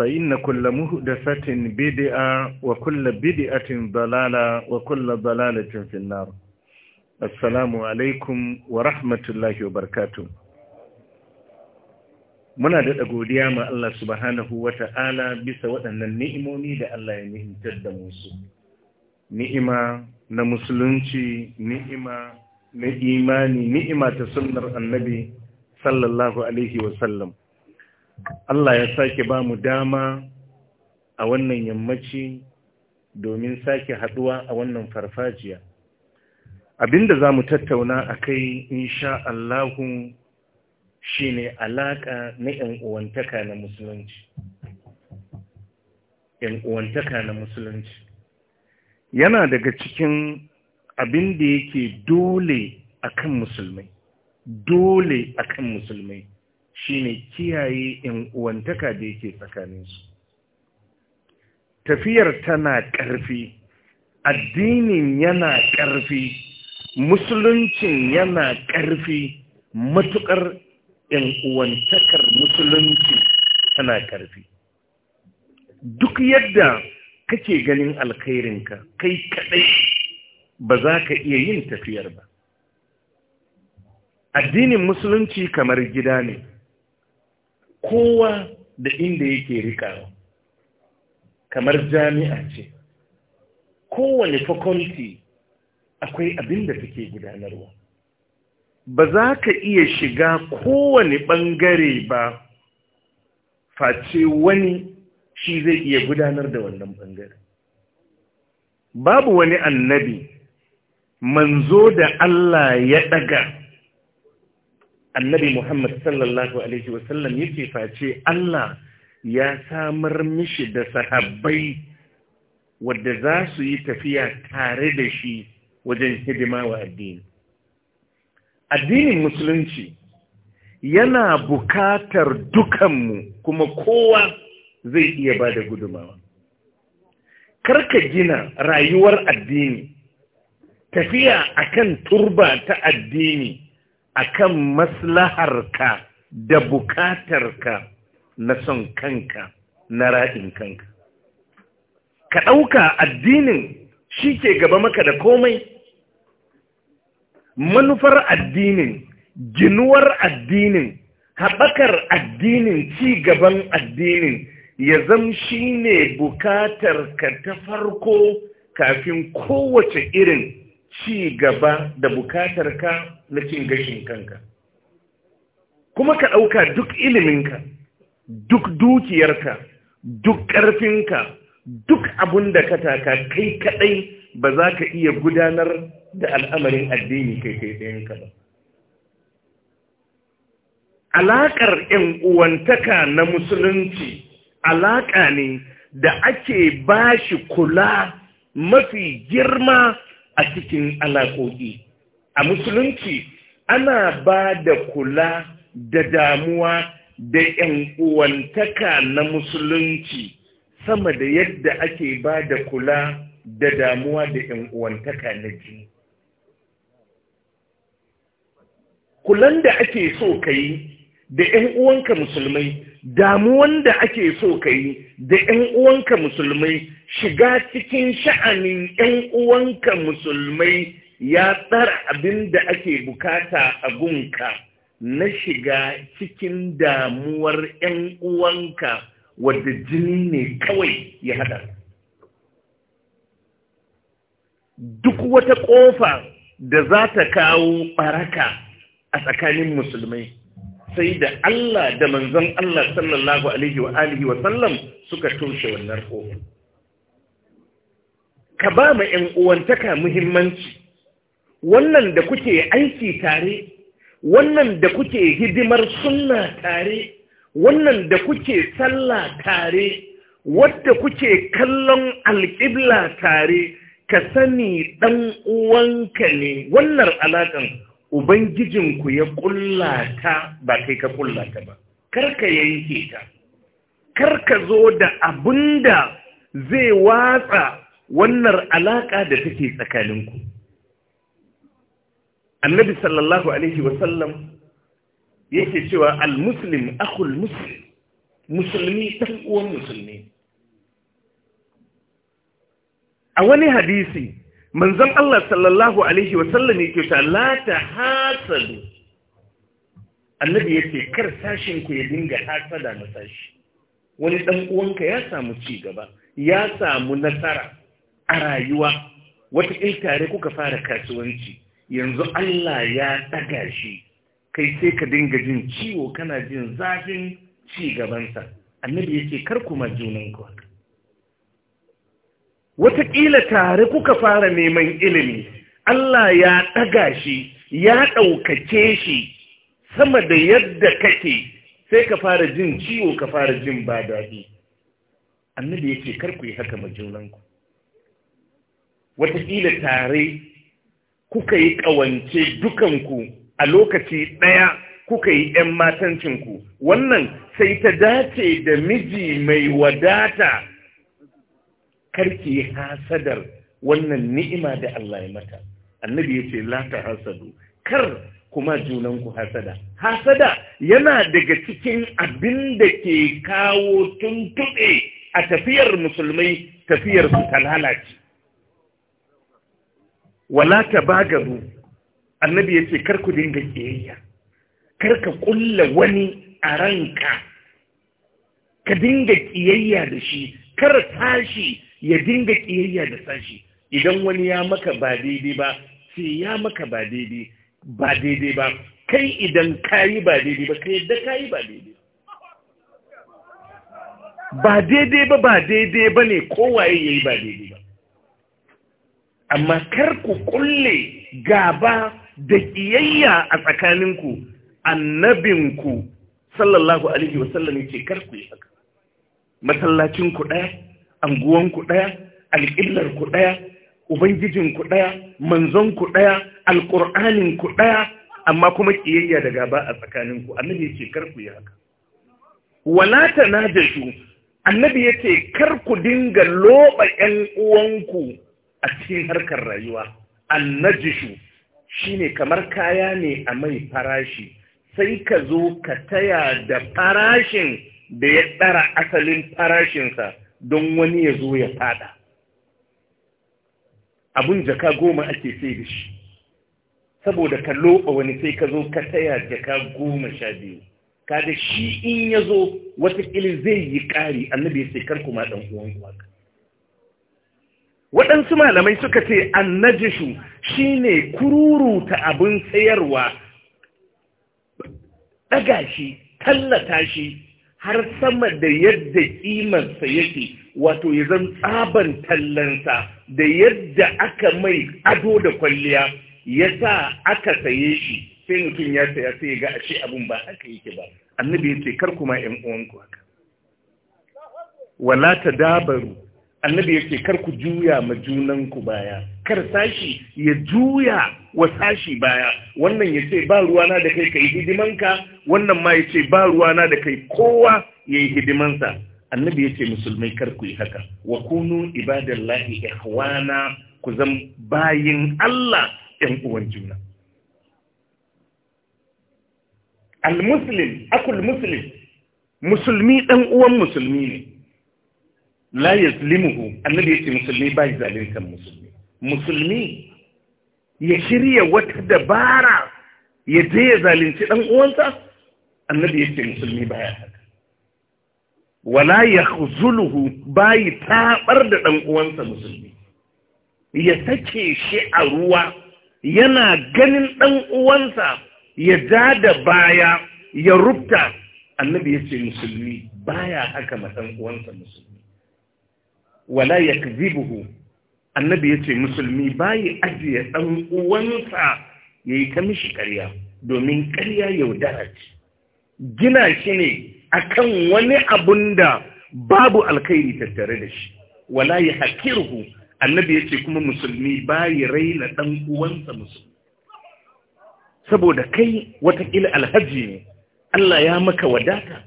فإن كل مهدفة بدعة وكل بدعة ضلالة وكل ضلالة في النار السلام عليكم ورحمة الله وبركاته muna da godiya ma Allah subhanahu wa ta'ala bisa waɗannan ni'imomi da Allah ya ni'imtar da musu ni'ima na musulunci ni'ima na imani ni'ima ta sunnar annabi sallallahu alaihi wa Allah ya sake ba mu dama a wannan yammaci domin sake haduwa a wannan farfajiya. Abinda za mu tattauna a kai insha Allahu shi ne alaƙa na ‘yan'uwantaka na Musulunci. ‘Yan'uwantaka na Musulunci. Yana daga cikin abin da yake dole akan musulmai, dole akan musulmai. Shi ne kiyaye in uwantaka da yake tsakaninsu tafiyar tana ƙarfi addinin yana ƙarfi musuluncin yana ƙarfi matuƙar in uwantakar musulunci tana ƙarfi duk yadda kake ganin alkhairinka kai kaɗai ba za ka iya yin tafiyar ba addinin musulunci kamar gida ne kowa da inda yake rikawa kamar jami'a ce kowane faculty akwai abin da take gudanarwa ba za ka iya shiga kowane ɓangare ba face wani shi zai iya gudanar da wannan bangare babu wani annabi manzo da Allah ya ɗaga annabi Muhammad sallallahu Alaihi wasallam ce- face Allah ya samar mishi da sahabbai wadda za su yi tafiya tare da shi wajen hidima wa addini. Addinin Musulunci yana bukatar dukanmu kuma kowa zai iya ba da gudumawa. Karka gina rayuwar addini, tafiya akan turba ta addini. akan maslaharka da bukatarka na son kanka na raɗin kanka ka ɗauka addinin shi ke gaba maka da komai manufar addinin ginuwar addinin haɓakar addinin ci gaban addinin ya zam shi ne bukatarka ta farko kafin kowace irin ci gaba da ka na cin gashin kanka kuma ka ɗauka duk iliminka duk dukiyarka duk ƙarfinka duk abin da ka taka kai kaɗai ba za ka iya gudanar da al'amarin addini kai kai ɗayanka ba alaƙar ‘yan uwantaka na musulunci alaƙa ne da ake bashi kula mafi girma a cikin alaƙoƙi. A musulunci ana ba da kula da damuwa da yanuwantaka na musulunci sama da yadda ake ba da kula da damuwa da uwantaka na jini. Kulan da ake so ka yi da uwanka musulmai damuwan da ake so ka yi da ‘yan uwanka musulmai shiga cikin sha'anin ‘yan uwanka musulmai ya tsara abin da ake bukata a gunka na shiga cikin damuwar ‘yan uwanka wadda jini ne kawai ya haɗa. Duk wata ƙofa da za ta kawo ɓaraka a tsakanin musulmai. sai da Allah da manzon Allah sallallahu alaihi wa alihi wa sallam suka toshe wannan kofa ka ba mu ɗan uwantaka muhimmanci wannan da kuke aiki tare wannan da kuke hidimar sunna tare wannan da kuke sallah tare wadda kuke kallon alƙibla tare ka sani ɗan uwanka ne wannan alaƙan ubangijinku ya ƙulla ta, ba kai ka ƙulla ta ba karka yanke ta karka zo da abinda zai watsa wannan alaƙa da take tsakaninku annabi sallallahu alaihi wasallam yake cewa al-muslim akhul muslim musulmi dan uwan musulmi a wani hadisi manzon Allah sallallahu alaihi wasallam yake ta la ta hasadu annabi yake kar sashin ku ya dinga hasada na sashi wani dan uwanka ya samu cigaba, ya samu nasara a rayuwa wata in tare kuka fara kasuwanci yanzu Allah ya ɗaga shi kai sai ka dinga jin ciwo kana jin zafin ci gabansa annabi yake kar kuma junanku haka wataƙila tare kuka fara neman ilimi Allah ya ɗaga shi ya ɗaukace shi sama da yadda kake sai ka fara jin ciwo ka fara jin ba daɗi annabi ya ce karku yi haka majunanku wataƙila tare kuka yi ƙawance dukanku a lokaci ɗaya kuka yi ‘yan matancinku wannan sai ta dace da miji mai wadata karki yi hasadar wannan ni'ima da Allah ya mata annabi yace, la ta hasadu kar kuma junanku hasada hasada yana daga cikin abin da ke kawo tuntuɓe a tafiyar musulmai tafiyar su ta lalace wala ta bagaru annabi yace, kar ku dinga kiyayya kar ka kulla wani a ranka ka dinga kiyayya da shi kar tashi ya dinga ƙiyayya da sashi idan wani ya maka ba daidai ba sai ya maka ba daidai ba daidai ba kai idan ka yi ba daidai ba kai yadda ka yi ba daidai ba daidai ba ba daidai ba ne kowaye ya yi ba daidai ba amma kar ku kulle gaba da ƙiyayya a tsakaninku annabinku sallallahu alaihi wasallam ya ce kar ku yi haka masallacinku ɗaya anguwanku ɗaya alƙillarku ɗaya ubangijinku ɗaya manzonku ɗaya alƙur'aninku ɗaya amma kuma ƙiyayya da gaba a tsakaninku annabi ya kar ku yi haka wala ta najashu annabi ya ce karku dinga loba ‘yan uwanku a cikin harkar rayuwa annajishu shine kamar kaya ne a mai farashi sai ka zo ka taya da farashin da ya ɗara asalin farashinsa don wani ya zo ya fada abun jaka goma ake sai da shi saboda ka loba wani sai ka zo ka taya jaka goma sha biyu kada shi in ya zo watakili zai yi ƙari annabi ya kar kuma ɗan uwan waka waɗansu malamai suka ce annajishu shi ne kururuta abin tsayarwa ɗaga shi tallata shi har sama da yadda kimarsa yake wato ya zan tsaban tallansa da yadda aka mai ado da kwalliya ya sa aka saye shi sai mutum ya saya sai ga ashe abin ba aka yake ba annabi ya ce kar kuma 'yan uwanku haka wala dabaru. annabi ya ce kar ku juya ma junanku baya kar sashi ya juya wa sashi baya wannan ya ce ba ruwana da kai kai hidimanka wannan ma ya ce ba ruwana da kai kowa ya yi hidimansa annabi ya ce musulmai kar ku yi haka wa kunu lahi ihwana ku zan bayin Allah ɗan uwan juna al-muslim akul muslim musulmi ɗan uwan musulmi ne la yazlimuhu annabi ya ce musulmi bai zalunta musulmi musulmi ya shirya wata dabara ya je ya zalunci ɗan uwansa annabi ya ce musulmi baya haka wala ya zuluhu bayi taɓar da ɗan uwansa musulmi ya sake shi a ruwa yana ganin ɗan uwansa ya ja da baya ya rubta annabi ya ce musulmi baya haka ma ɗan uwansa musulmi wala ya buhu annabi ya ce musulmi bayi ajiye ɗan uwansa ya yi ta mishi ƙarya domin ƙarya yaudara ce gina shi ne akan wani abun da babu alkhairi tattare da shi wala ya hakirhu annabi ya ce kuma musulmi bayi raina ɗan uwansa musulmi saboda kai watakila alhaji ne Allah ya maka wadata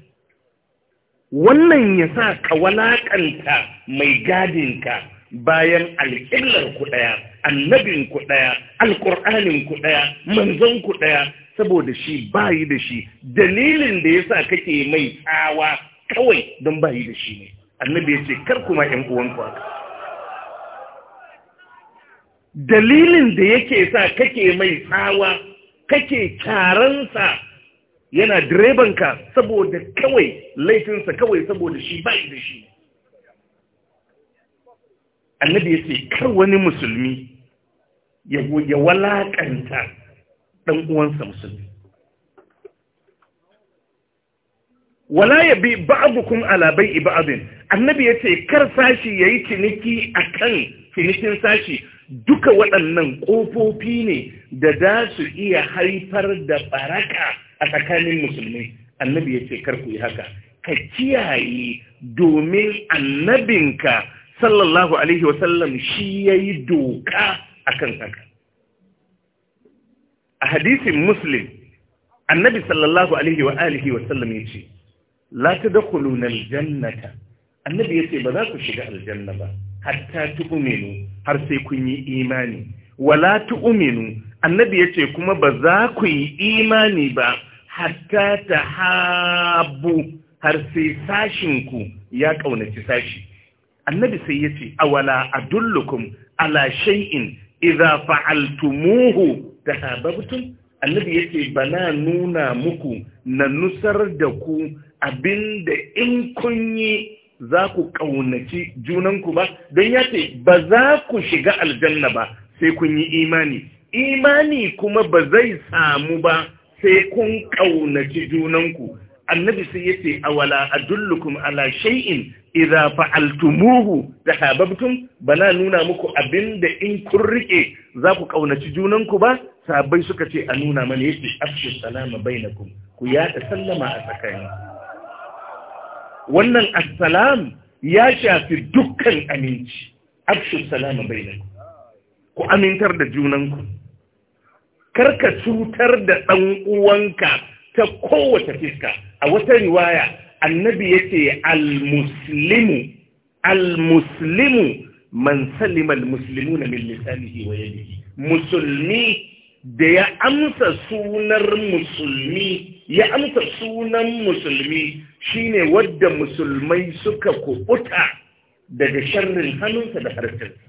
wannan ya sa ka walaƙanta mai gadinka bayan alƙillar ku ɗaya annabin ku ɗaya alƙur'anin ku ɗaya manzon ku ɗaya saboda shi bayi da shi dalilin da yasa kake mai tsawa kawai don bayi da shi ne annabi ya ce kar kuma yan uwanku haka dalilin da yake sa kake mai tsawa kake kyaransa yana direbanka saboda kawai laifinsa kawai saboda shi bayi da shi ne annabi ya ce kar wani musulmi ya walakanta ɗan uwansa musulmi wala ya bi ba'abukum ala bai'i ba'abin annabi ya ce kar sashi ya yi ciniki a kan cinikin sashi duka waɗannan ƙofofi ne da za su iya haifar da baraka a tsakanin musulmi annabi ya ce kar ku yi haka ka kiyaye domin annabinka sallallahu alaihi wasallam shi ya yi doka a kan haka a hadisin muslim annabi sallallahu alaihi wa alihi wasallam ya ce la da dakulun jannata. annabi ya ce ba za ku shiga aljanna ba hatta tu'minu har sai kun yi imani wala tu'minu annabi ya ce kuma ba za ku yi imani ba hatta ta habu har sai sashinku ya ƙaunaci sashi annabi sai ya ce awala a ala shay'in iza fa'altumuhu hababtun annabi yace bana nuna muku na nusar da ku abinda in kunyi za ku ƙaunaci junanku ba don ya ce ba za ku shiga aljanna ba sai kun yi imani imani kuma ba zai samu ba sai kun ƙaunaci junanku annabi sai yace awala a dullukun alashai'in. Iza fa'altumuhu da tahabbtum bana nuna muku abinda in kun riƙe za ku ƙaunaci junanku ba sabai suka ce a nuna mana yake afshu salama na ku yaɗa sallama a tsakani wannan assalam ya shafi dukkan aminci afshu salama na ku amintar da junanku karka cutar da ɗan'uwanka ta kowace fiska a wata riwaya annabi ya al-muslimu al-muslimu man salima al-muslimuna min lisanihi wa yadihi musulmi da ya amsa sunar musulmi ya amsa sunan musulmi shine wadda musulmai suka kubuta daga sharrin hannunsa da harkarsa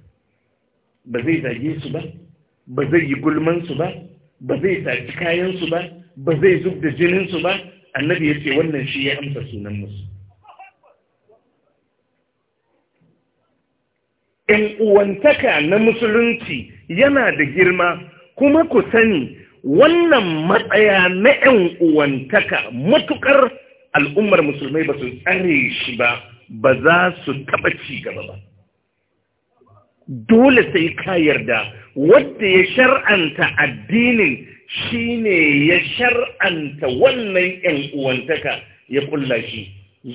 ba zai zage su ba ba zai yi gulmansu ba ba zai saci kayansu ba ba zai zub da jininsu ba annabi ya ce wannan shi ya amsa sunan musu ‘yan uwantaka na musulunci yana da girma kuma ku sani wannan matsaya na ‘yan uwantaka matuƙar al'ummar musulmai ba su tsare shi ba ba za su taɓa cigaba ba. Dole sai ka yarda wadda ya shar'anta addinin shi ne ya shar'anta wannan ‘yan uwantaka ya ƙulla shi.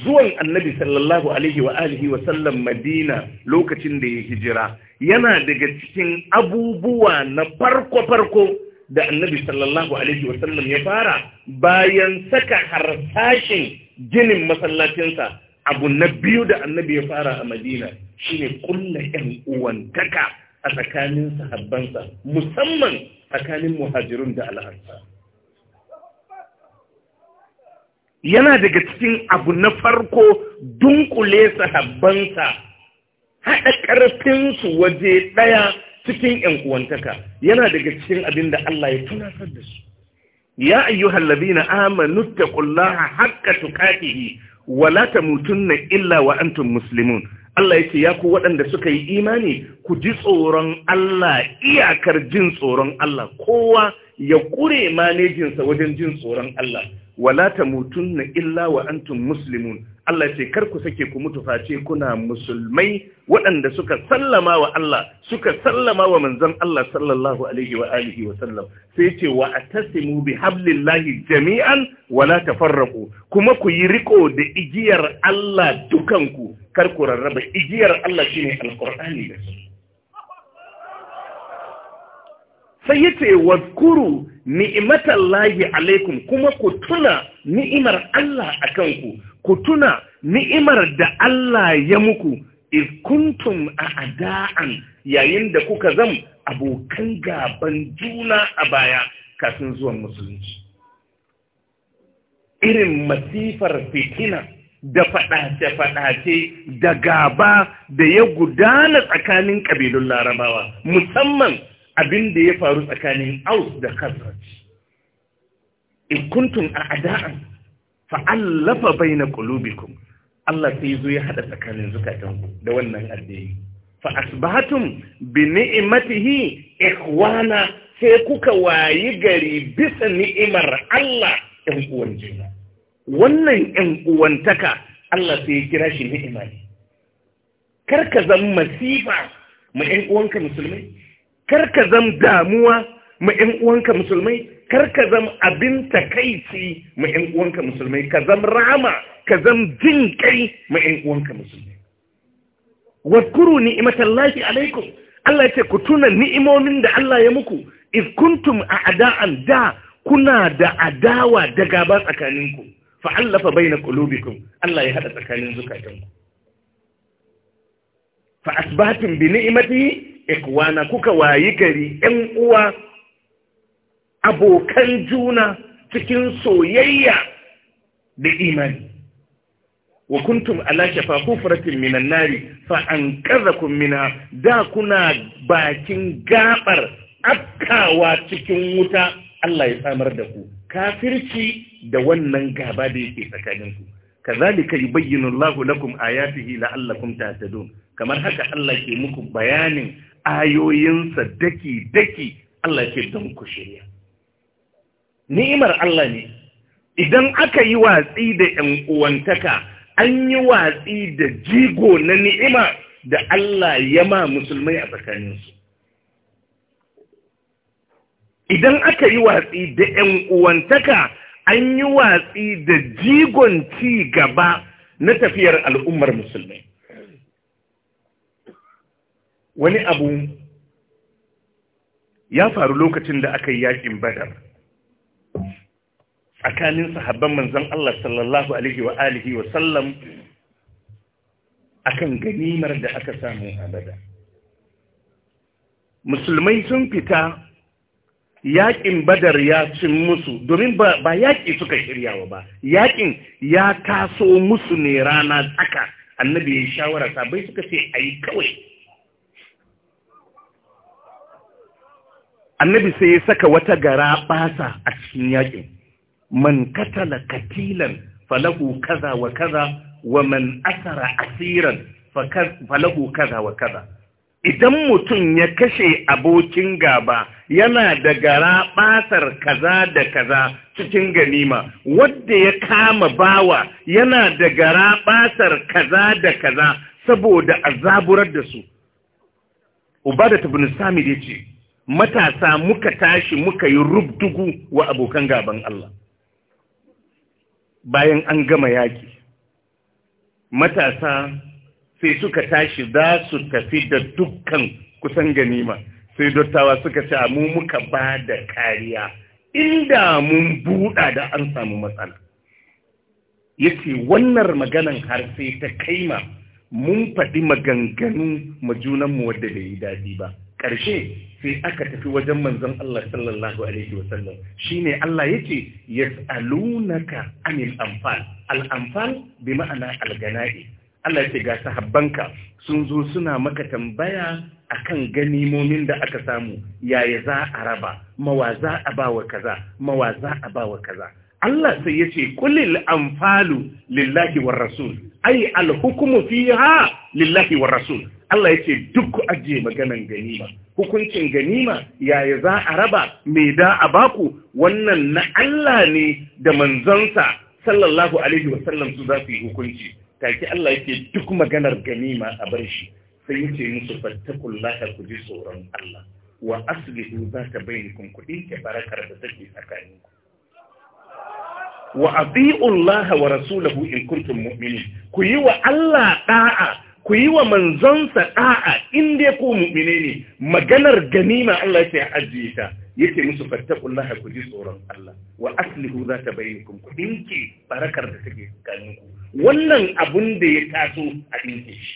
Zuwan annabi sallallahu Alaihi wa alihi wa sallam Madina lokacin da ya hijira yana daga cikin abubuwa na farko-farko da annabi sallallahu Alaihi wa sallam ya fara bayan saka harsashin ginin masallacinsa abu na biyu da annabi ya fara a Madina ne ƙulla ‘yan uwantaka a tsakanin sahabbansa musamman tsakanin muhajirun da al'ansa yana daga cikin abu na farko dunkule sahabbansa haɗa ƙarfinsu waje ɗaya cikin ‘yan uwantaka yana daga cikin abin da Allah ya tunasar da su ya ayyuhal ladina amanu taqullaha haqqa tuqatihi wa la tamutunna illa wa antum Allah yake ya ku waɗanda suka yi imani ku ji tsoron Allah iyakar jin tsoron Allah kowa ya ƙure manejinsa wajen jin tsoron Allah wala ta na illa wa antum muslimun Allah ce kar ku sake ku mutu face kuna musulmai waɗanda suka sallama wa Allah suka sallama wa manzon Allah sallallahu alaihi wa alihi wa sallam sai ce wa atasimu bi hablillahi jami'an wala tafarraqu kuma ku yi riko da igiyar Allah dukanku kar ku rarraba igiyar Allah shine alqur'ani da sai yace wadhkuru lahi alaikum kuma ku tuna ni'imar Allah a kanku ku tuna ni'imar da Allah ya muku iz a a'da'an yayin da kuka zam abokan gaban juna a baya kafin zuwan musulunci irin masifar fitina da faɗace-faɗace da gaba da ya gudana tsakanin ƙabilun larabawa musamman abin da ya faru tsakanin aus da khazraj in kuntum ada'an fa allafa baina qulubikum Allah sai zo ya hada tsakanin zukatanku da wannan addini fa asbahatum bi ni'matihi ikhwana sai kuka wayi gari bisa ni'imar Allah ɗan uwan wannan ɗan uwantaka Allah sai ya kira shi ni'ima ne kar ka zama masifa ma ɗan uwanka musulmai kar ka zam damuwa ma ƴan uwanka musulmai kar ka zam abin takaici ma ƴan uwanka musulmai ka zam rama ka zam jin kai ma ƴan uwanka musulmai wadkuru ni'imatallahi alaikum Allah ya ce ku tuna ni'imomin da Allah ya muku if kuntum a'da'an da kuna da adawa da gaba tsakaninku fa allafa baina qulubikum Allah ya hada tsakanin zukatanku fa asbatun bi ni'matihi ikwana kuka wayi gari ‘yan uwa abokan juna cikin soyayya da imani wa kuntum ala shafa kufratin minan nari fa an kazakum mina da kuna bakin gaɓar afkawa cikin wuta Allah ya samar da ku kafirci da wannan gaba da yake tsakaninku kazalika yubayyinu Allahu lakum ayatihi la'allakum tahtadun kamar haka Allah ke muku bayanin ayoyinsa daki-daki Allah ce don muku shirya. Ni'imar Allah ne, idan aka yi watsi da ‘yan uwantaka, an yi watsi da jigo na ni'ima da Allah ya ma musulmai a tsakaninsu. Idan aka yi watsi da ‘yan uwantaka, an yi watsi da jigon ci gaba na tafiyar al'ummar musulmai. wani abu ya faru lokacin da aka yi yakin badar tsakanin sahabban manzon Allah sallallahu alaihi wa alihi wa sallam akan ganimar da aka samu a badar musulmai sun fita yaƙin badar ya cin musu domin ba yaƙi suka shiryawa ba yaƙin ya taso musu ne rana tsaka annabi ya shawara sabai suka ce a yi kawai annabi sai ya saka wata gara basa a cikin yakin man katala katilan falahu kaza wa kaza wa man asara asiran falahu kaza wa kaza idan mutum ya kashe abokin gaba yana da gara basar kaza da kaza cikin ganima wadda ya kama bawa yana da gara basar kaza da kaza saboda azaburar da su ubada tabin sami da ce matasa muka tashi muka yi rubdugu wa abokan gaban Allah bayan an gama yaki matasa sai suka tashi za su tafi da dukkan kusan ganima sai dottawa suka ce mu muka ba da kariya inda mun buɗa da an samu matsala ya ce wannan maganan har sai ta kaima mun faɗi maganganu ma junanmu wadda da yi daɗi ba ƙarshe sai aka tafi wajen manzon Allah sallallahu alaihi wasallam shine Allah yace yas'alunaka anil anfal al anfal bi ma'ana al Allah ce ga sahabbanka sun zo suna maka tambaya a kan ganimomin da aka samu yaya za a raba mawa za a bawa kaza mawa za a bawa kaza Allah sai ya ce kulil anfalu lillahi war rasul ai al hukmu fiha lillahi war rasul Allah ya ce duk ajiye maganan ganima hukuncin ganima yaya za a raba me da a baku wannan na Allah ne da manzonsa sallallahu alaihi wasallam su za su yi hukunci Taki Allah yake duk maganar ganima a bar shi sai yace musu fattakullaha ku ji tsoron Allah wa aslihu zaka bainakum kuɗi ke barakar da take tsakaninku wa Allah wa rasulahu in kuntum mu'minin ku yi wa Allah da'a ku yi wa manzonsa da'a in dai ku mu'mine ne maganar ganima Allah ya ajiye ta yake musu fattaqullaha ku ji tsoron Allah wa aslihu zata bainakum ku dinki barakar da take tsakaninku wannan abun da ya taso a dinki shi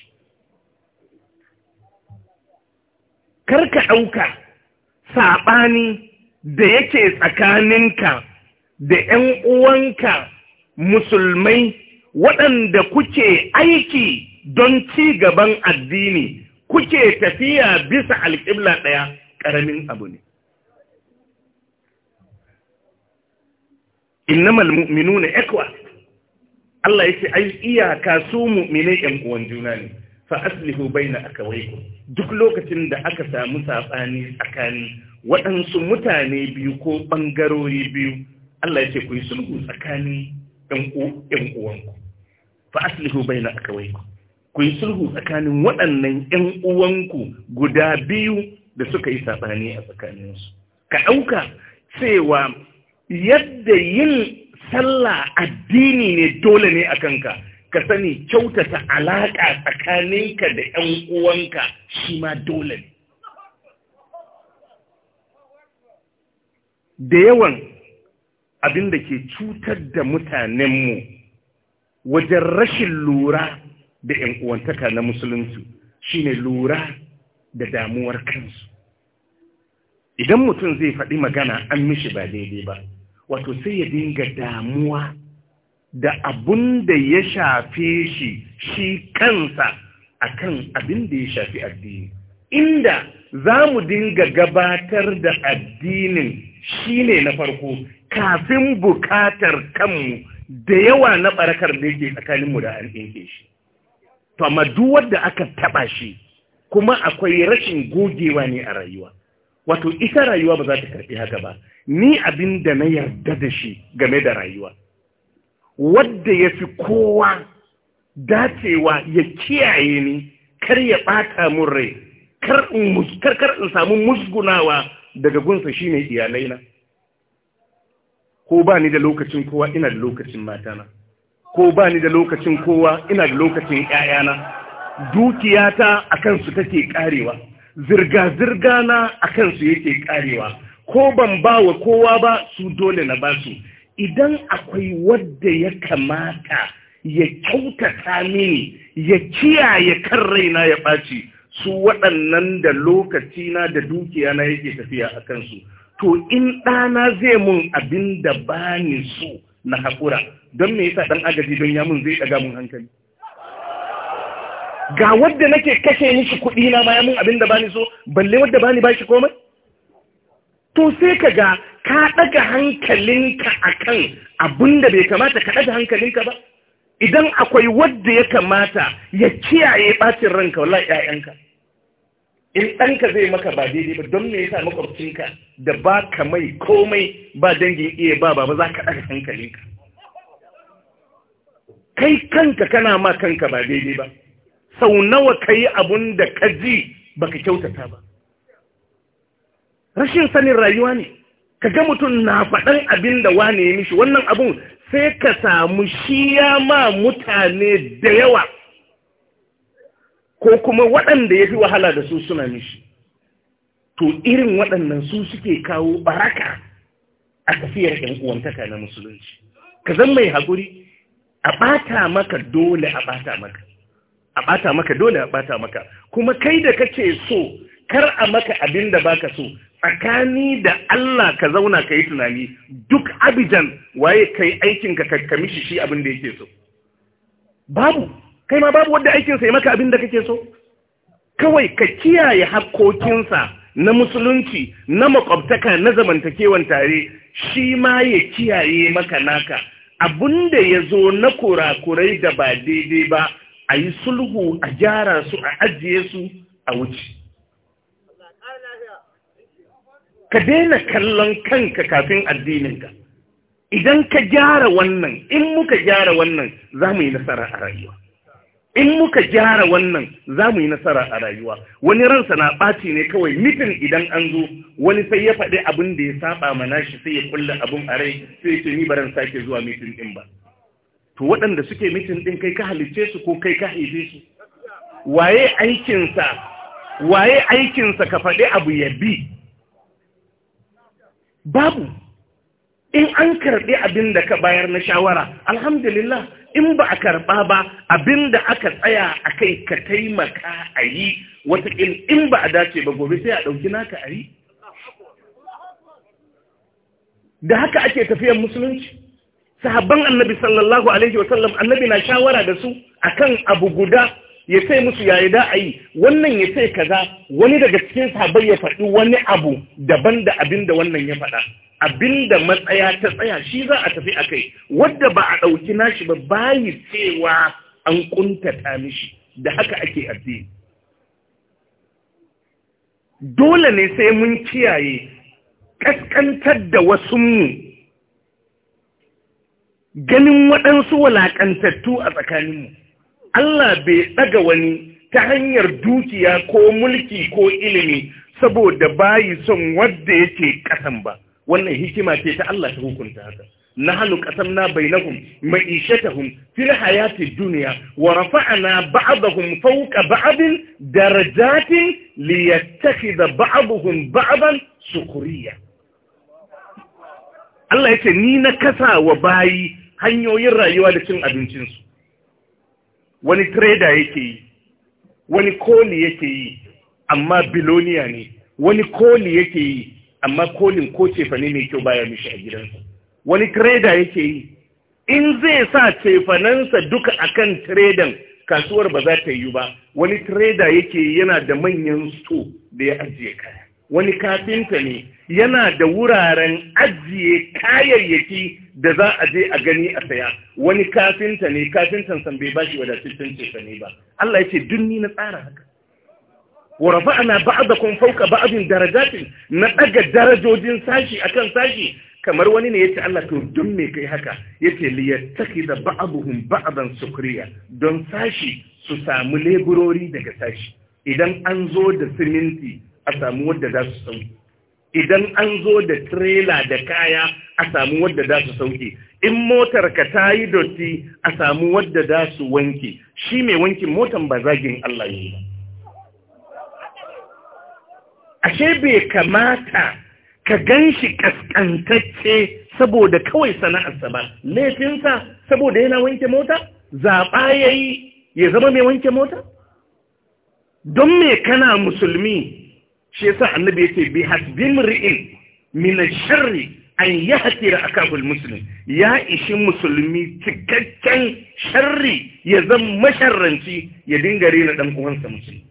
karka dauka sabani da yake tsakaninka da ‘yan uwanka musulmai waɗanda kuke aiki don ci gaban addini kuke tafiya bisa alƙibla ɗaya ƙaramin abu ne. Inna Innamal na ekwa Allah ya ce, ai iyaka su mu'minai ‘yan uwan juna ne, fa aslihu aka waiku. duk lokacin da aka samu saɓani tsakani waɗansu mutane biyu ko ɓangarori biyu Allah ya ce ku yi sulhu tsakanin ‘yan uwanku, fa aslihu bai na ku yi sulhu tsakanin waɗannan ‘yan uwanku guda biyu da suka yi saɓani a tsakaninsu. Ka ɗauka cewa yadda yin sallah addini ne dole ne a kanka, ka sani kyautata alaƙa tsakaninka da ‘yan uwanka shi ma dole ne. Da yawan abin da ke cutar da mutanenmu wajen rashin lura da uwantaka na musulunci shine lura da damuwar kansu idan mutum zai faɗi magana an mishi ba daidai ba wato sai ya dinga damuwa da abin da ya shafe shi shi kansa akan abin da ya shafi addini inda za mu dinga gabatar da addinin shi ne na farko kafin bukatar kanmu da yawa na barakar da yake tsakaninmu da an yanke shi to amma duk da aka taɓa shi kuma akwai rashin gogewa ne a rayuwa wato ita rayuwa ba za ta karɓi haka ba ni abin da na yarda da shi game da rayuwa wadda ya fi kowa dacewa ya kiyaye ni kar ya ɓata mun rai kar in samu musgunawa daga gunsa shine iyalaina ko ba ni da lokacin kowa ina da lokacin matana ko ba ni da lokacin kowa ina da lokacin ƴaƴana dukiyata akan su take ƙarewa zirga zirgana a akan yake ƙarewa ko ban ba wa kowa ba su dole na ba su idan akwai wadda ya kamata ya kyautata mini ya kiyaye kan raina ya ɓaci su waɗannan da lokacina da dukiyana yake tafiya a kansu to in ɗana zai mun abin da ba ni so na haƙura don me yasa ɗan agaji don ya mun zai ɗaga mun hankali ga wadda nake kashe mishi kuɗi na ma mun abin da ba ni so balle wadda ba ni ba shi komai to sai ka ga ka ɗaga hankalinka akan abin da bai kamata ka ɗaga hankalinka ba idan akwai wadda ya kamata ya kiyaye ɓacin ranka wallahi 'ya'yanka. in ɗanka zai maka ba daidai ba don me yasa makwabcinka da ba ka mai komai ba dangin iya ba ba za ka ɗaga hankalinka kai kanka kana ma kanka ba daidai ba sau nawa ka yi abun da ka ji ba ka kyautata ba rashin sanin rayuwa ne ka ga mutum na faɗan abin da wane ya mishi wannan abun sai ka samu shi ya ma mutane da yawa ko kuma waɗanda ya fi wahala da su suna mishi to irin waɗannan su suke kawo baraka a tafiyar ‘yan uwantaka na musulunci ka zan mai haƙuri a ɓata maka dole a ɓata maka a ɓata maka dole a ɓata maka kuma kai da kake so kar a maka abin da baka so tsakani da Allah ka zauna ka yi tunani duk abijan waye kai aikinka ka mishi shi abin da yake so babu kai ma babu wanda aikinsa ya maka abin da kake so kawai ka kiyaye hakkokinsa na musulunci na makwabtaka na zamantakewan tare shi ma ya kiyaye maka naka da ya zo na kurakurai da ba daidai ba a yi sulhu a gyara su a ajiye su a wuce ka daina kallon kanka kafin addininka idan ka gyara wannan in muka gyara wannan za mu yi nasara a rayuwa in muka gyara wannan za mu yi nasara a rayuwa wani ransa na ɓaci ne kawai mitin idan an zo wani sai ya faɗi abin da ya saba mana shi sai ya kulle abin a rai sai ce ni baran sake zuwa mitin ɗin ba to waɗanda suke mitin ɗin kai ka halicce su ko kai ka haife su waye aikinsa waye aikinsa ka faɗi abu ya bi babu in an karɓi abin da ka bayar na shawara alhamdulillah in ba a karɓa ba abin da aka tsaya a kai ka taimaka a yi watakil in ba a dace ba gobe sai a ɗauki naka a yi da haka ake tafiyar musulunci sahabban annabi sallallahu alaihi wasallam annabi na shawara da su akan abu guda ya sai musu ya yada a yi wannan ya sai kaza wani daga cikin sahabbai ya faɗi wani abu daban da abin da wannan ya faɗa abin da matsaya ta tsaya shi za a tafi a kai wadda ba a ɗauki nashi ba bayi cewa an ƙuntata mishi da haka ake addini dole ne sai mun kiyaye ƙasƙantar da wasu mu ganin waɗansu walaƙantattu a tsakaninmu Allah bai ɗaga wani ta hanyar dukiya ko mulki ko ilimi saboda bayi son wadda yake ƙasan ba wannan hikima ce ta Allah ta hukunta haka bai qasamna bainahum ma'ishatahum fil hayati dunya wa rafa'na ba'dahum fawqa liyataki darajatin liyattakhidha ba'dahum ba'dan sukhriya Allah ce ni na kasa wa bayi hanyoyin rayuwa da cin abincinsu wani trader yake yi wani koli yake yi amma biloniya ne wani koli yake yi amma kolin ko cefane mai kyau baya mishi a gidansa wani trader yake yi in zai sa cefanensa duka akan tradan kasuwar ba za ta yi ba wani trader yake yana da manyan sto da ya ajiye kaya wani kafinta ne yana da wuraren ajiye kayayyaki da za a je a gani a saya wani kafinta ne kafintan san bai bashi wadataccen cefa ne ba Allah ya ce dunni na tsara haka wa rafa'na ba'dakum fawqa ba'din darajatin na daga darajojin sashi akan sashi kamar wani ne yace Allah to dun me kai haka yace li yattakhidha ba'dhum ba'dan sukriya don sashi su samu leburori daga sashi idan an zo da siminti a samu wanda za su sauki idan an zo da trailer da kaya a samu wadda za su sauke in motar ka ta yi dotti a samu wadda za su wanke shi mai wankin motan ba zagin Allah yi ashe bai kamata ka gan shi kaskantacce saboda kawai sana'arsa ba laifinsa saboda yana wanke mota zaɓa ya yi ya zama mai wanke mota don me kana musulmi shi yasa annabi yake bi hasbim ri'in min sharri an a ra'akahu muslim ya ishi musulmi cikakken sharri ya zama masharranci ya dinga rena ɗan uwansa musulmi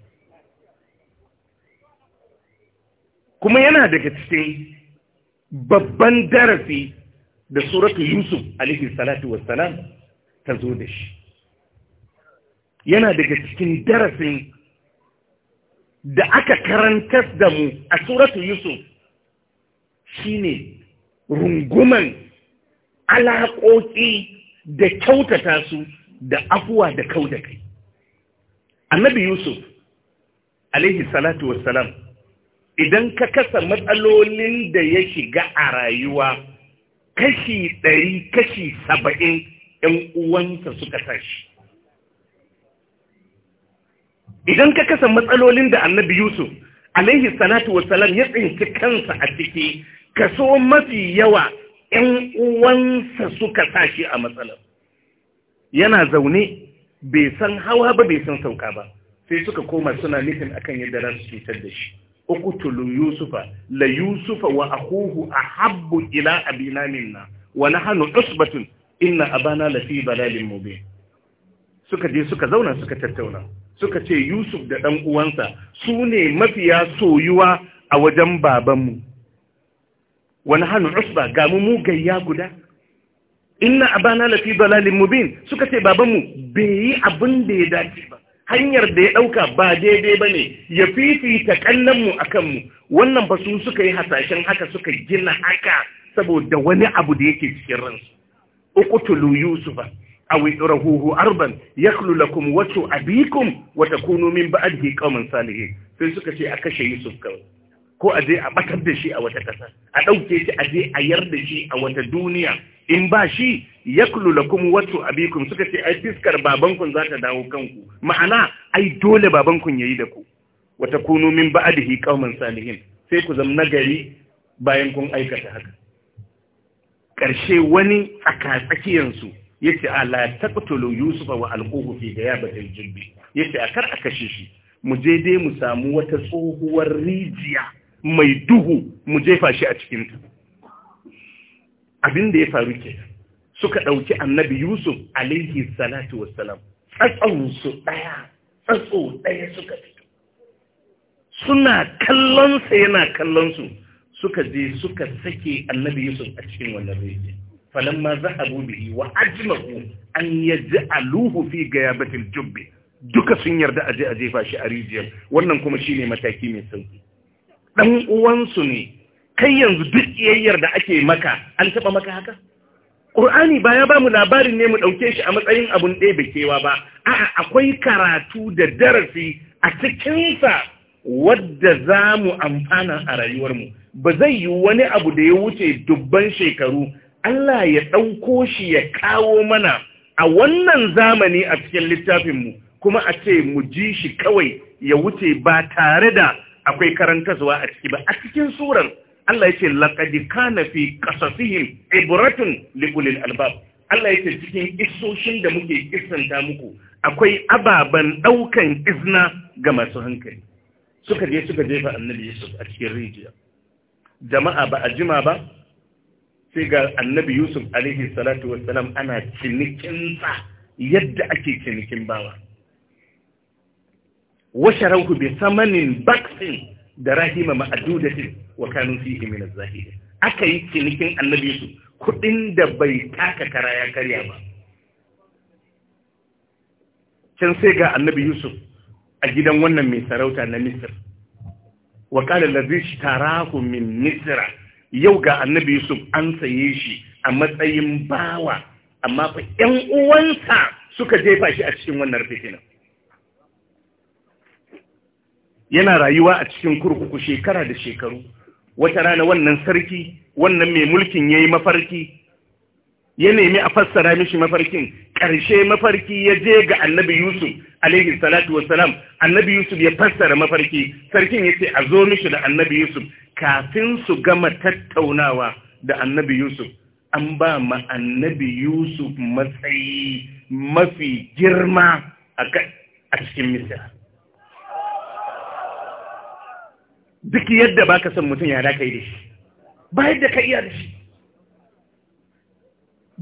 kuma yana daga cikin babban darasi da suratul yusuf alaihi salatu wassalam ta zo da shi yana daga cikin darasin da aka karantar da mu a suratu Yusuf shine runguman alaƙoƙi da kyautata su da afuwa da kau da kai. Annabi Yusuf, alaihi salatu wassalam, idan ka kasa matsalolin da ya shiga a rayuwa kashi ɗari kashi saba'in ‘yan uwansa suka tashi. idan ka kasa matsalolin da annabi yusuf alaihi salatu wasalam ya tsinci kansa a ciki kaso mafi yawa ‘yan uwansa suka tashi a matsalar yana zaune bai san hawa ba bai san sauka ba sai suka koma suna nufin akan yadda za su cutar da shi uqtulu yusufa la yusufa wa a ahabbu ila abina minna wa nahnu usbatun inna abana lafi balalin mubin suka je suka zauna suka tattauna suka ce Yusuf da ɗan uwansa su ne mafiya soyuwa a wajen babanmu wani hannu usba ga mu gayya guda inna abana lafi dalalin bin suka ce babanmu bai yi abin da ya dace ba hanyar da ya ɗauka ba daidai ba ne ya fifita ƙannanmu a kanmu wannan ba su suka yi hasashen haka suka gina haka saboda wani abu da yake cikin ransu tulu yusufa aw rahuhu arban yakhlu lakum wajhu abikum wa takunu min ba'dihi qauman salihin sai suka ce a kashe Yusuf kawai ko a je a batar da shi a wata ƙasa a ɗauke shi a je a yar da shi a wata duniya in ba shi yaklu lakum watu abikum suka ce ai fiskar babankun za ta dawo kanku ma'ana ai dole babankun yayi da ku wata kunu min ba'dihi qauman salihin sai ku zama nagari bayan kun aikata haka ƙarshe wani a su yace ala taqtulu yusufa wa alquhu fi ghayabati jubbi yace a kar a kashe shi mu je dai mu samu wata tsohuwar rijiya mai duhu mu jefa shi a cikin ta abin ya faru ke suka dauki annabi yusuf alaihi salatu wassalam tsatsan su daya tsatso daya suka fito suna kallon sa yana kallon su suka je suka sake annabi yusuf a cikin wannan rijiya falamma zahabu bihi wa ajma'u an yaj'aluhu fi gayabatil jubbi duka sun yarda aje a jefa shi a rijiyar wannan kuma shine mataki mai sauki dan uwansu ne kai yanzu duk iyayyar da ake maka an taba maka haka Ƙur'ani ba ya bamu labarin ne mu ɗauke shi a matsayin abun ɗaya kewa ba, a'a akwai karatu da darasi a cikinsa wadda za mu amfana a rayuwarmu. Ba zai yi wani abu da ya wuce dubban shekaru Allah ya ɗauko shi ya kawo mana a wannan zamani a cikin littafinmu kuma a ce mu ji shi kawai ya wuce ba tare da akwai karantarwa a ciki ba a cikin surar Allah ya ce laƙadi kana fi ƙasasihim ibratun albab Allah ya ce cikin isoshin da muke isanta muku akwai ababen ɗaukan izna ga masu hankali suka je suka jefa annabi Yusuf a cikin rijiya jama'a ba a jima ba sai ga annabi yusuf alaihi salatu salam ana cinikinsa yadda ake cinikin bawa washarauhu bi samanin baksin da rahima ma'adudatin wa kanu fihi min az aka yi cinikin annabi yusuf kudin da bai taka kara ya karya ba can sai ga annabi yusuf a gidan wannan mai sarauta na misir wa qala allazi ishtarahu min misra yau ga annabi Yusuf an saye shi a matsayin bawa amma fa ƴan uwansa suka jefa shi a cikin wannan fitina yana rayuwa a cikin kurkuku shekara da shekaru wata rana wannan sarki wannan mai mulkin yayi mafarki ya nemi a fassara mishi mafarkin ƙarshe mafarki ya je ga annabi Yusuf alaihi salatu wasalam annabi yusuf ya fassara mafarki sarkin ya ce a zo mishi da annabi yusuf kafin su gama tattaunawa da annabi yusuf an ba ma annabi yusuf matsayi mafi girma a cikin misira duk yadda baka son mutum ya da yi da shi ba yadda ka iya da shi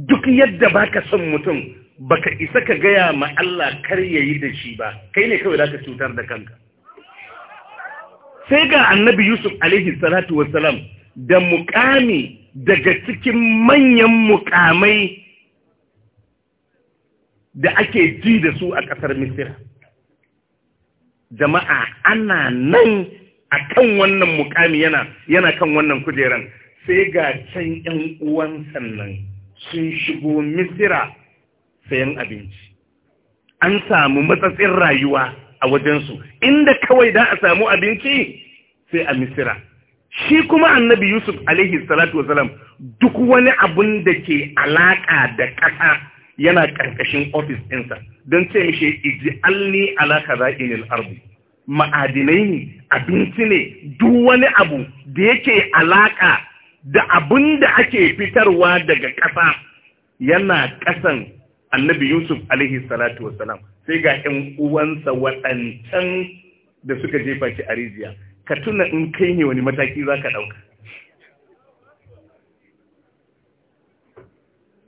duk yadda baka son mutum baka isa ka gaya ma Allah kar ya yi da shi ba kai ne kawai zaka cutar da kanka sai ga annabi Yusuf alaihi salatu wassalam da mukami daga cikin manyan mukamai da ake ji da su a ƙasar Misira jama'a ana nan akan kan wannan mukami yana yana kan wannan kujeran sai ga can 'yan uwan sannan sun shigo Misira sayan abinci an samu matsatsin rayuwa a wajensu inda kawai da a samu abinci sai a misira shi kuma annabi yusuf alaihi salatu wasalam duk wani abun da ke alaƙa da ƙasa yana ƙarƙashin ofis ɗinsa don ce mishi iji alni alaka za'inil arzi ma'adinai ne abinci ne duk wani abu da yake alaƙa da abun da ake fitarwa daga ƙasa yana ƙasan annabi yusuf alaihi salatu wassalam sai ga ƴan uwansa waɗancan da suka jefa shi a rijiya ka tuna in kai ne wani mataki za ka ɗauka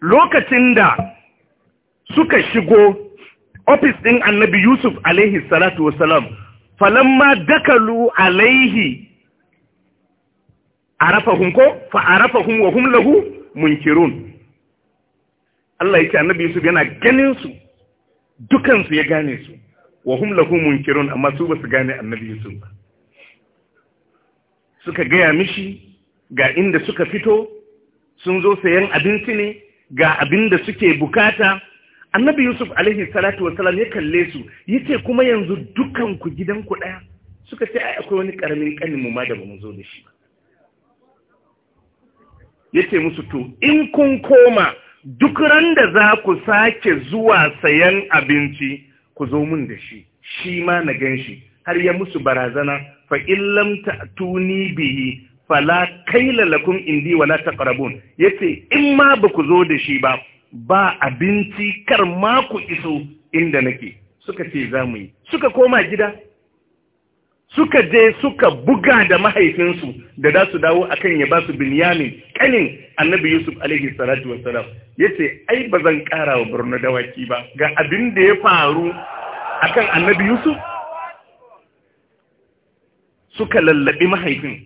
lokacin da suka shigo ofis ɗin annabi yusuf alaihi salatu wassalam falamma dakalu alaihi arafahum ko fa arafahum wa hum lahu munkirun Allah ya ce annabi Yusuf yana ganin su dukan su ya gane su wa hum lahum munkirun amma su ba su gane annabi Yusuf suka gaya mishi ga inda suka fito sun zo sayan abinci ne ga abinda suke bukata annabi Yusuf alaihi salatu wasalam ya kalle su yace kuma yanzu dukan ku gidan ku daya suka ce ai akwai wani karamin kanin mu ma da mu zo da shi yace musu to in kun koma duk ran da za ku sake zuwa sayan abinci ku zo mun da shi shi ma na gan shi har ya musu barazana fa illam tuni bihi fala kaila lakum indi wala taqrabun yace in ma ba ku zo da shi ba ba abinci kar ma ku iso inda nake suka ce za mu yi suka koma gida suka je suka buga da mahaifinsu da za su dawo a kan ya ba su binyamin kanin annabi yusuf alaihi salatu Wa salam, ya ce ai ba zan kara wa birnin dawaki ba ga abin da ya faru akan annabi yusuf suka lallabi mahaifin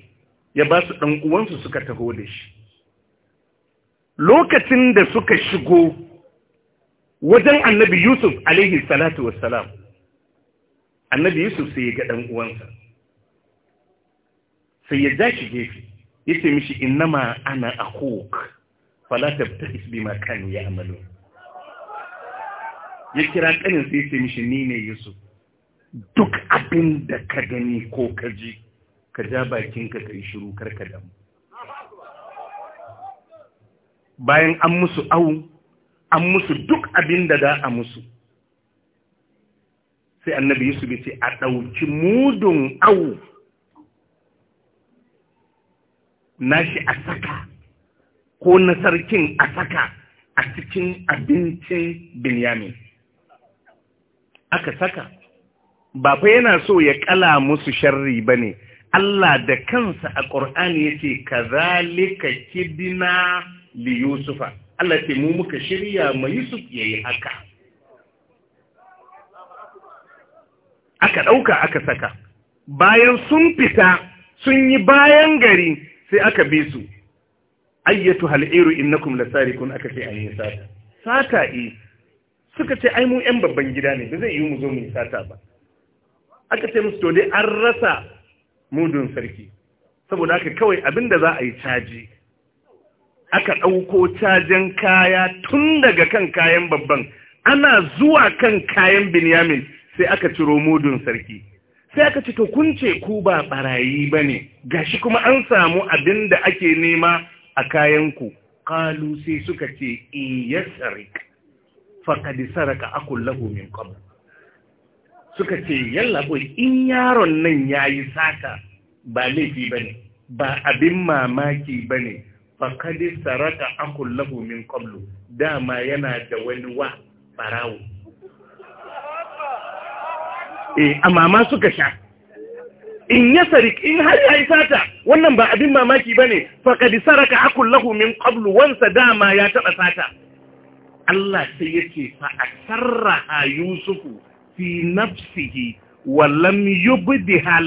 ya ba su ɗan uwansu suka taho da shi lokacin da suka shigo wajen annabi yusuf alaihi salatu Wa salam, annabi yusuf sai ya ga ɗan uwansa sai ya ja shi gefe ya ce mishi innama ana akhuk ta tabtahis ma kan ya amalu ya kira kanin sai ya ce mishi ni ne yusuf duk abin da ka gani ko ka ji ka ja bakinka ka yi shiru kar ka damu bayan an musu awu an musu duk abin da da a musu sai annabi yusuf ya ce a ɗauki mudun au nashi a saka ko na sarkin a saka a cikin abincin binyamin aka saka ba fa yana so ya kala musu sharri ba ne Allah da kansa a ƙor'ani ya ce ka zalika kidina li yusufa Allah ce mu muka shirya ma yusuf ya yi haka aka ɗauka aka saka bayan sun fita sun yi bayan gari sai aka bi su ayyatu hal'iru innakum lasarikun aka ce an yi sata sata e suka ce ai mu yan babban gida ne ba zai yi mu zo mu yi sata ba aka ce musu to dai an rasa mudun sarki saboda haka kawai abinda za a yi caji aka ɗauko cajen kaya tun daga kan kayan babban ana zuwa kan kayan binyamin sai aka ciro mudun sarki sai aka ce to kun ce ku ba barayi bane gashi kuma an samu abin da ake nema a kayanku kalu sai suka ce in e, yasrik faqad saraka a min qabl suka ce yalla boy in yaron nan ya yi sata ba laifi ba ne, ba abin mamaki ba bane faqad saraka a lahu min qabl dama yana da wani wa barawo eh amama suka sha in ya sarik in har ya yi sata wannan ba abin mamaki ba ne faƙadi saraka akul lahu min ƙablu wansa dama ya taɓa sata Allah sai yake fa a sarraha yusufu fi nafsihi wa lam yubdiha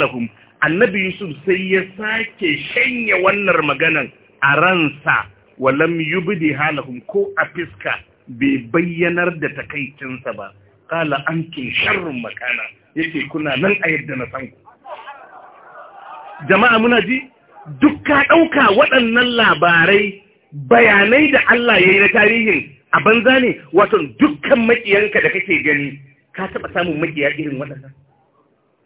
annabi yusuf sai ya sake shanye wannan maganan a ransa wa lam halahum ko a fiska bai bayyanar da takaicinsa ba qala antum sharrun makana yake kuna nan a yadda na san jama'a muna ji duk ka ɗauka waɗannan labarai bayanai da Allah ya yi na tarihin a banza ne wato dukkan makiyanka da kake gani ka taɓa samun makiya irin waɗannan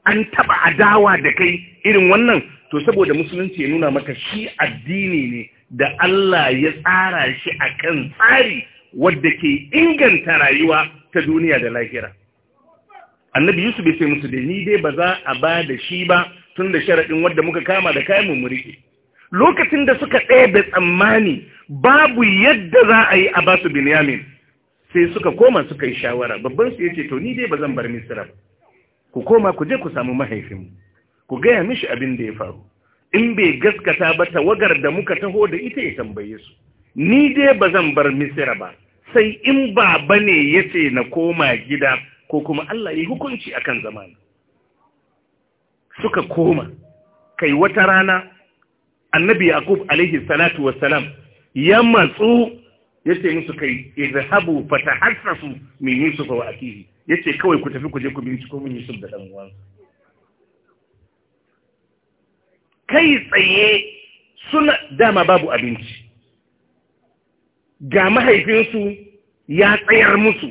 an taɓa adawa da kai irin wannan to saboda musulunci ya nuna maka shi addini ne da Allah ya tsara shi a kan tsari wadda ke inganta rayuwa ta duniya da lahira. annabi yusuf bai sai musu da ni dai ba za a ba da shi ba tun da sharaɗin wadda muka kama da kayan mu riƙe lokacin da suka ɗaya da tsammani babu yadda za a yi a ba su binyamin sai suka koma suka yi shawara babban su ce to ni dai ba zan bar misira ba ku koma ku je ku samu mahaifinmu ku gaya mishi abin da ya faru in bai gaskata ba tawagar da muka taho da ita ya tambaye su ni dai ba zan bar misira ba sai in baba ne yace na koma gida ko kuma Allah ya hukunci akan zamani suka koma kai wata rana annabi yaqub alaihi salatu wassalam ya matsu ya yace musu kai izhabu fatahassasu min yusuf wa akihi ce kawai ku tafi ku je ku binciko min yusuf da dan uwansa kai tsaye suna dama babu abinci ga mahaifinsu ya tsayar musu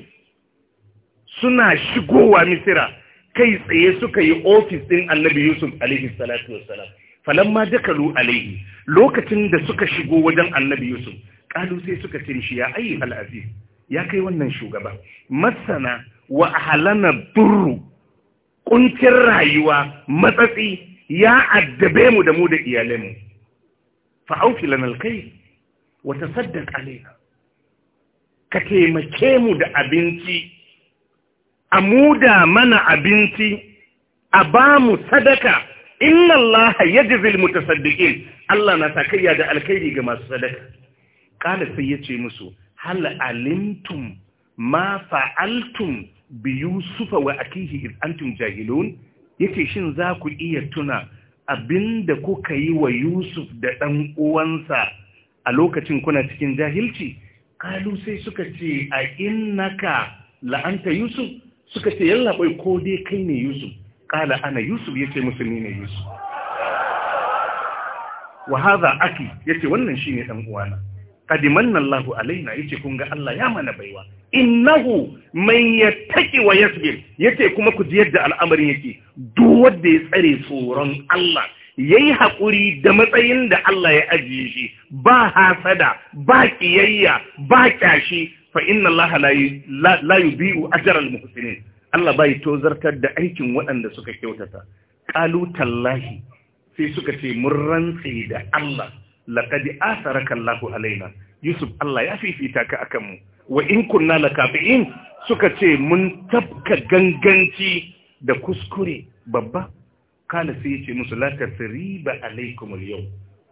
suna shigowa misira kai tsaye suka yi ofis ɗin annabi yusuf alaihi salatu wassalam falamma dakalu alaihi lokacin da suka shigo wajen annabi yusuf kalu sai suka ce shi ya ayi al'aziz ya kai wannan shugaba masana wa ahalana durru rayuwa matsatsi ya addabe mu da mu da mu. fa auki lana alkai wa tasaddaq alaiha ka taimake mu da abinci a muda mana abinci a ba mu sadaka inna Allah ta mutasaddiqin Allah na takayya da alkhairi ga masu sadaka kana sai ya ce musu hal alimtum ma fa'altum bi yusufa wa akihi id antum jahilun yake shin za ku iya tuna abinda kuka yi wa yusuf da ɗan'uwansa? uwansa a lokacin kuna cikin jahilci kalu sai suka ce a in naka la'anta yusuf suka ce yallaɓai ko dai kai ne yusuf ƙala ana yusuf ya ce musulmi ne yusuf wa haza aki yace wannan shine dan uwana. ƙadiman nan lahu alaina yace kun ga Allah ya mana baiwa innahu man ya wa yasbir yace kuma ku ji yadda al'amarin yake duk wanda ya tsare tsoron Allah yayi yi haƙuri da matsayin da Allah ya ajiye shi ba hasada ba ƙiyayya ba ƙyashi fa inna Allah la yubi'u ajral muhsinin Allah bai tozartar da aikin waɗanda suka kyautata qalu tallahi sai suka ce mun rantse da Allah laqad asaraka Allahu alaina Yusuf Allah ya fifita ka akan mu wa in kunna lakafi'in suka ce mun tafka ganganci da kuskure babba kana sai yace musu la tasriba alaikum al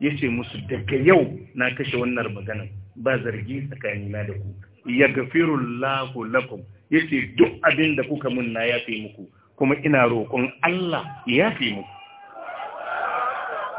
yace musu daga yau na kashe wannan maganar ba zargi tsakanina da ku Ya gafirullahu lakum yace duk abin da kuka mun na yafe muku kuma ina roƙon Allah ya yafe muku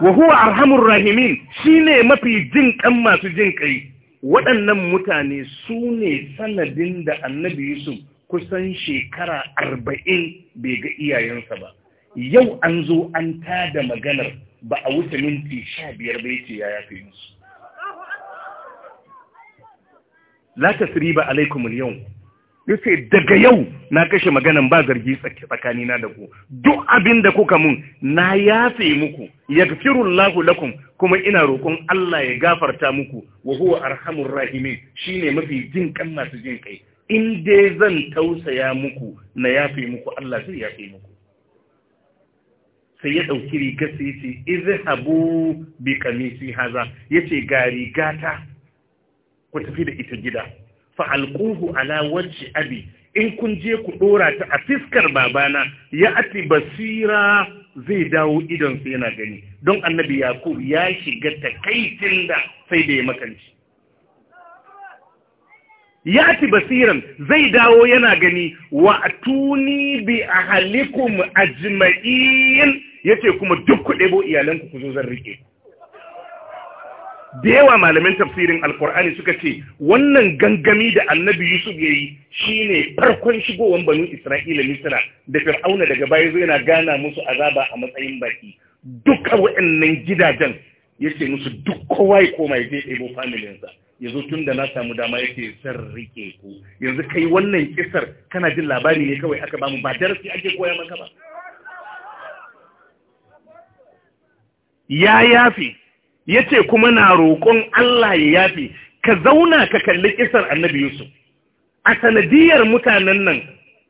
wa huwa arhamur rahimin shine mafi jin kan masu jin kai waɗannan mutane su ne sanadin da annabi Yusuf kusan shekara arba'in bai ga iyayensa ba yau an zo an tada maganar ba a wuce minti sha biyar bai ce ya yafe musu la tasriba alaikum yau. Ya yace daga yau na kashe maganan ba zargi tsakani na da ku duk abin da kuka mun na yafe muku yaghfirullahu lakum kuma ina roƙon Allah ya gafarta muku wa huwa arhamur rahimin shine mafi jin kan masu jin kai in dai zan tausaya muku na yafe muku Allah zai yafe muku sai ya ɗauki riga sai ce izhabu bi kamisi haza yace ga rigata ku tafi da ita gida fa alquhu ala wajhi abi in kun je ku dora ta a fiskar babana ya ati basira zai dawo idan sai yana gani don annabi yakub ya shiga takaitin da sai da ya makanci ya ati basiran zai dawo yana gani wa atuni bi ahalikum ajma'in yace kuma duk ku debo iyalanku ku zo zan rike ku da yawa malamin tafsirin alkur'ani suka ce wannan gangami da annabi yusuf ya yi shi ne farkon shigowar banu isra'ila misira da fir'auna daga baya zai na gana musu azaba a matsayin baki duka waɗannan gidajen ya ce musu duk kowa ya koma ya je ɗebo familinsa ya zo tun da na samu dama ya ce zan rike ku yanzu kai wannan kisar kana jin labari ne kawai aka bamu ba darasi ake koya maka ba ya yafe yace kuma na roƙon Allah ya yafi ka zauna ka kalli kisar annabi Yusuf a sanadiyar mutanen nan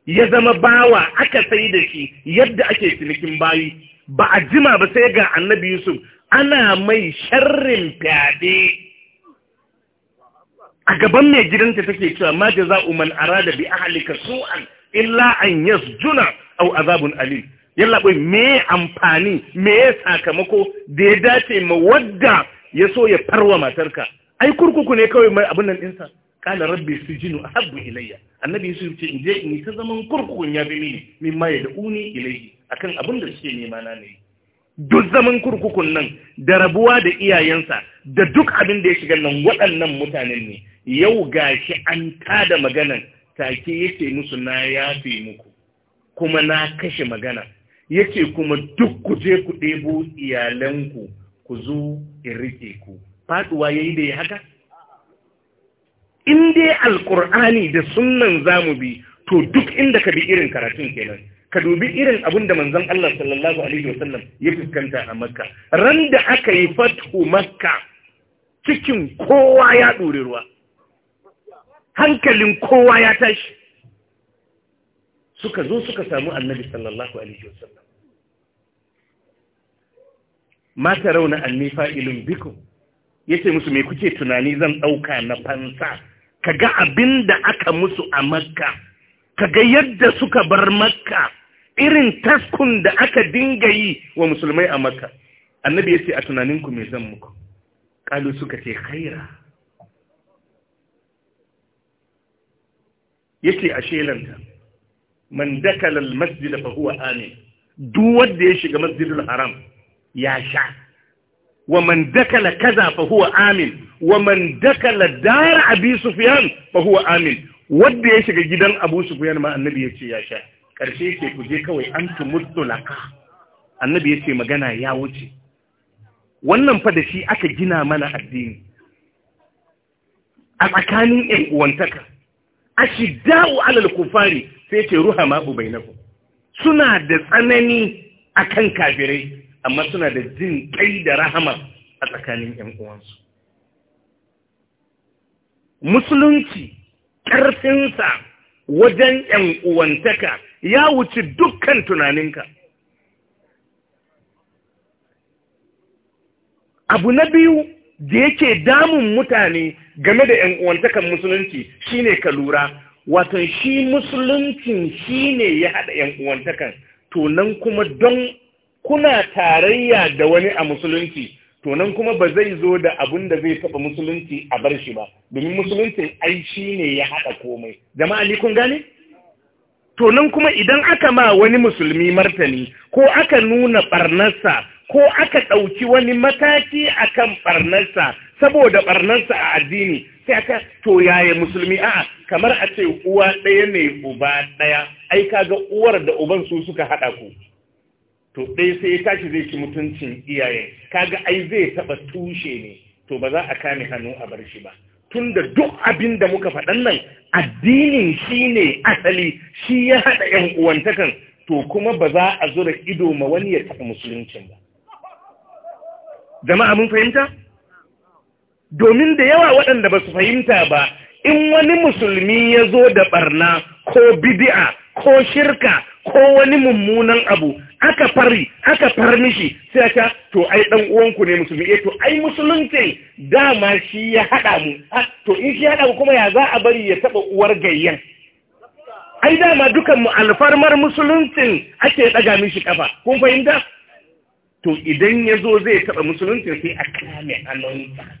ya zama bawa aka sai da shi yadda ake cinikin bayi ba a jima ba sai ga annabi Yusuf ana mai sharrin fyaɗe a gaban mai gidanta take cewa ma jaza'u man arada bi ahlika su'an illa an juna! Au azabun Ali. yallaɓai me amfani me sakamako da ya dace ma wadda ya so ya farwa matarka ai kurkuku ne kawai mai abin nan ɗinsa kala rabbi su jinu a habbu ilayya annabi yusuf ce in je in yi ta zaman kurkukun ya bi mini min ma ya da uni ilayya akan abin da suke nema na ne duk zaman kurkukun nan da rabuwa da iyayensa da duk abin da ya shiga nan waɗannan mutanen ne yau ga shi an tada maganan take yake musu na yafe muku kuma na kashe magana yake kuma duk ku je ku ɗebo iyalanku ku zo in riƙe ku faɗuwa ya yi da ya haka in dai alƙur'ani da sunan zamu bi to duk inda ka bi irin karatun kenan ka dubi irin abin da manzan Allah sallallahu alaihi wasallam ya fuskanta a makka ran da aka yi fatu makka cikin kowa ya ɗore ruwa hankalin kowa ya tashi suka zo suka samu annabi sallallahu alaihi wasallam ma rauna anni fa'ilun bikum yace musu me kuke tunani zan dauka na fansa kaga abinda aka musu a makka kaga yadda suka bar makka irin taskun da aka dinga yi wa musulmai a makka annabi yace a tunaninku me zan muku kalu suka ce khaira yace a shelanta man dakala al-masjid fa huwa amin duk wanda ya shiga masjidul haram ya sha wa man dakala kaza fa huwa amin wa man dakala dar abi sufyan fa huwa amin wanda ya shiga gidan abu sufyan ma annabi ya ce ya sha karshe yake ku je kawai antum mutlaqa annabi ya ce magana ya wuce wannan fa da shi aka gina mana addini a tsakanin ƴan uwantaka ashidda'u alal kufari sai ce ruha ma'u bai suna da tsanani a kan kafirai amma suna da jin kai da rahama a tsakanin ‘yan uwansu. Musulunci ƙarfinsa wajen ‘yan uwantaka ya wuce dukkan tunaninka. Abu na biyu da yake damun mutane game da ‘yan uwantakan musulunci shine ka lura wato shi musuluncin shi ne ya haɗa ‘yan uwantakan to nan kuma don kuna tarayya da wani a musulunci to nan kuma ba zai zo da abin da zai taɓa musulunci a bar shi ba domin musuluncin ai shi ne ya haɗa komai jama'a ni kun gane to nan kuma idan aka ma wani musulmi martani ko aka nuna ɓarnarsa ko aka ɗauki wani mataki akan ɓarnarsa saboda ɓarnarsa a addini sai aka to yaya musulmi a'a kamar a ce uwa ɗaya ne uba ɗaya ai kaga uwar da uban su suka haɗa ku to ɗaya sai ya tashi zai ci mutuncin ka kaga ai zai taɓa tushe ne to ba za a kame hannu a bar shi ba tun da duk abin da muka faɗan nan addinin shi ne asali shi ya haɗa ‘yan uwantakan to kuma ba za a zura ido ma wani ya taɓa musuluncin ba jama'a mun fahimta? domin da yawa waɗanda ba su fahimta ba in wani musulmi ya zo da ɓarna, ko bidi'a ko shirka ko wani mummunan abu aka fari aka farmishi sai aka to ai dan uwanku ne musulmi eh to ai musulunci dama shi ya hada mu to in shi hada kuma ya za a bari ya taba uwar gayyan ai dama dukan mu alfarmar musuluncin ake daga mishi kafa kun fahimta to idan ya zo zai taba musulunci sai a kame hannunsa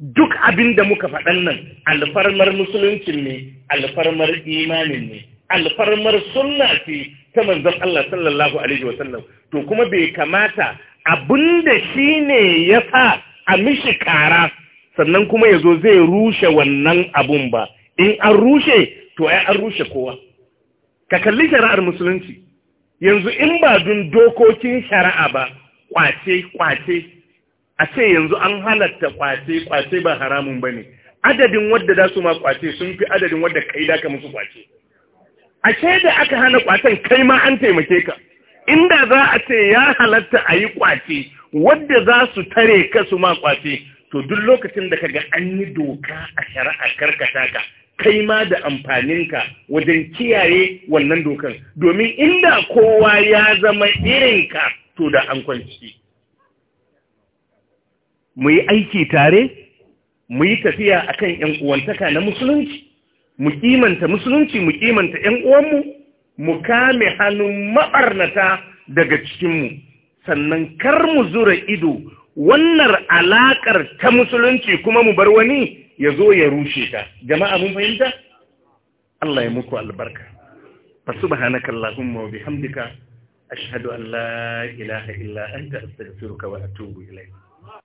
duk abin da muka faɗan nan alfarmar musuluncin ne alfarmar imanin ne alfarmar sunna ce ta manzon Allah sallallahu alaihi wa sallam, to kuma bai kamata abin da shi ne ya sa a mishi kara sannan kuma ya zo zai rushe wannan abun ba in an rushe to ai an rushe kowa ka kalli shari'ar musulunci yanzu in ba dun dokokin shari'a ba kwace kwace a ce yanzu an halatta kwace kwace ba haramun ba ne adadin wadda za su ma kwace sun fi adadin wadda kai da ka musu kwace a ce da aka hana kwacen kai ma an taimake ka inda za a ce ya halatta a yi kwace wadda za su tare ka su ma kwace to duk lokacin da ka ga an yi doka a shari'a karkata ka kai ma da amfaninka wajen kiyaye wannan dokan domin inda kowa ya zama irinka to da an kwanci mu yi aiki tare mu yi tafiya akan ‘yan uwantaka na musulunci mu kimanta musulunci mu kimanta ‘yan uwanmu mu kame hannun maɓarnata daga cikinmu sannan kar mu zura ido wannan alaƙar ta musulunci kuma mu bar wani ya zo ya rushe ta jama'a mun fahimta Allah ya muku albarka fa subhanaka allahumma wa bihamdika ashhadu an la ilaha ta wa ilai.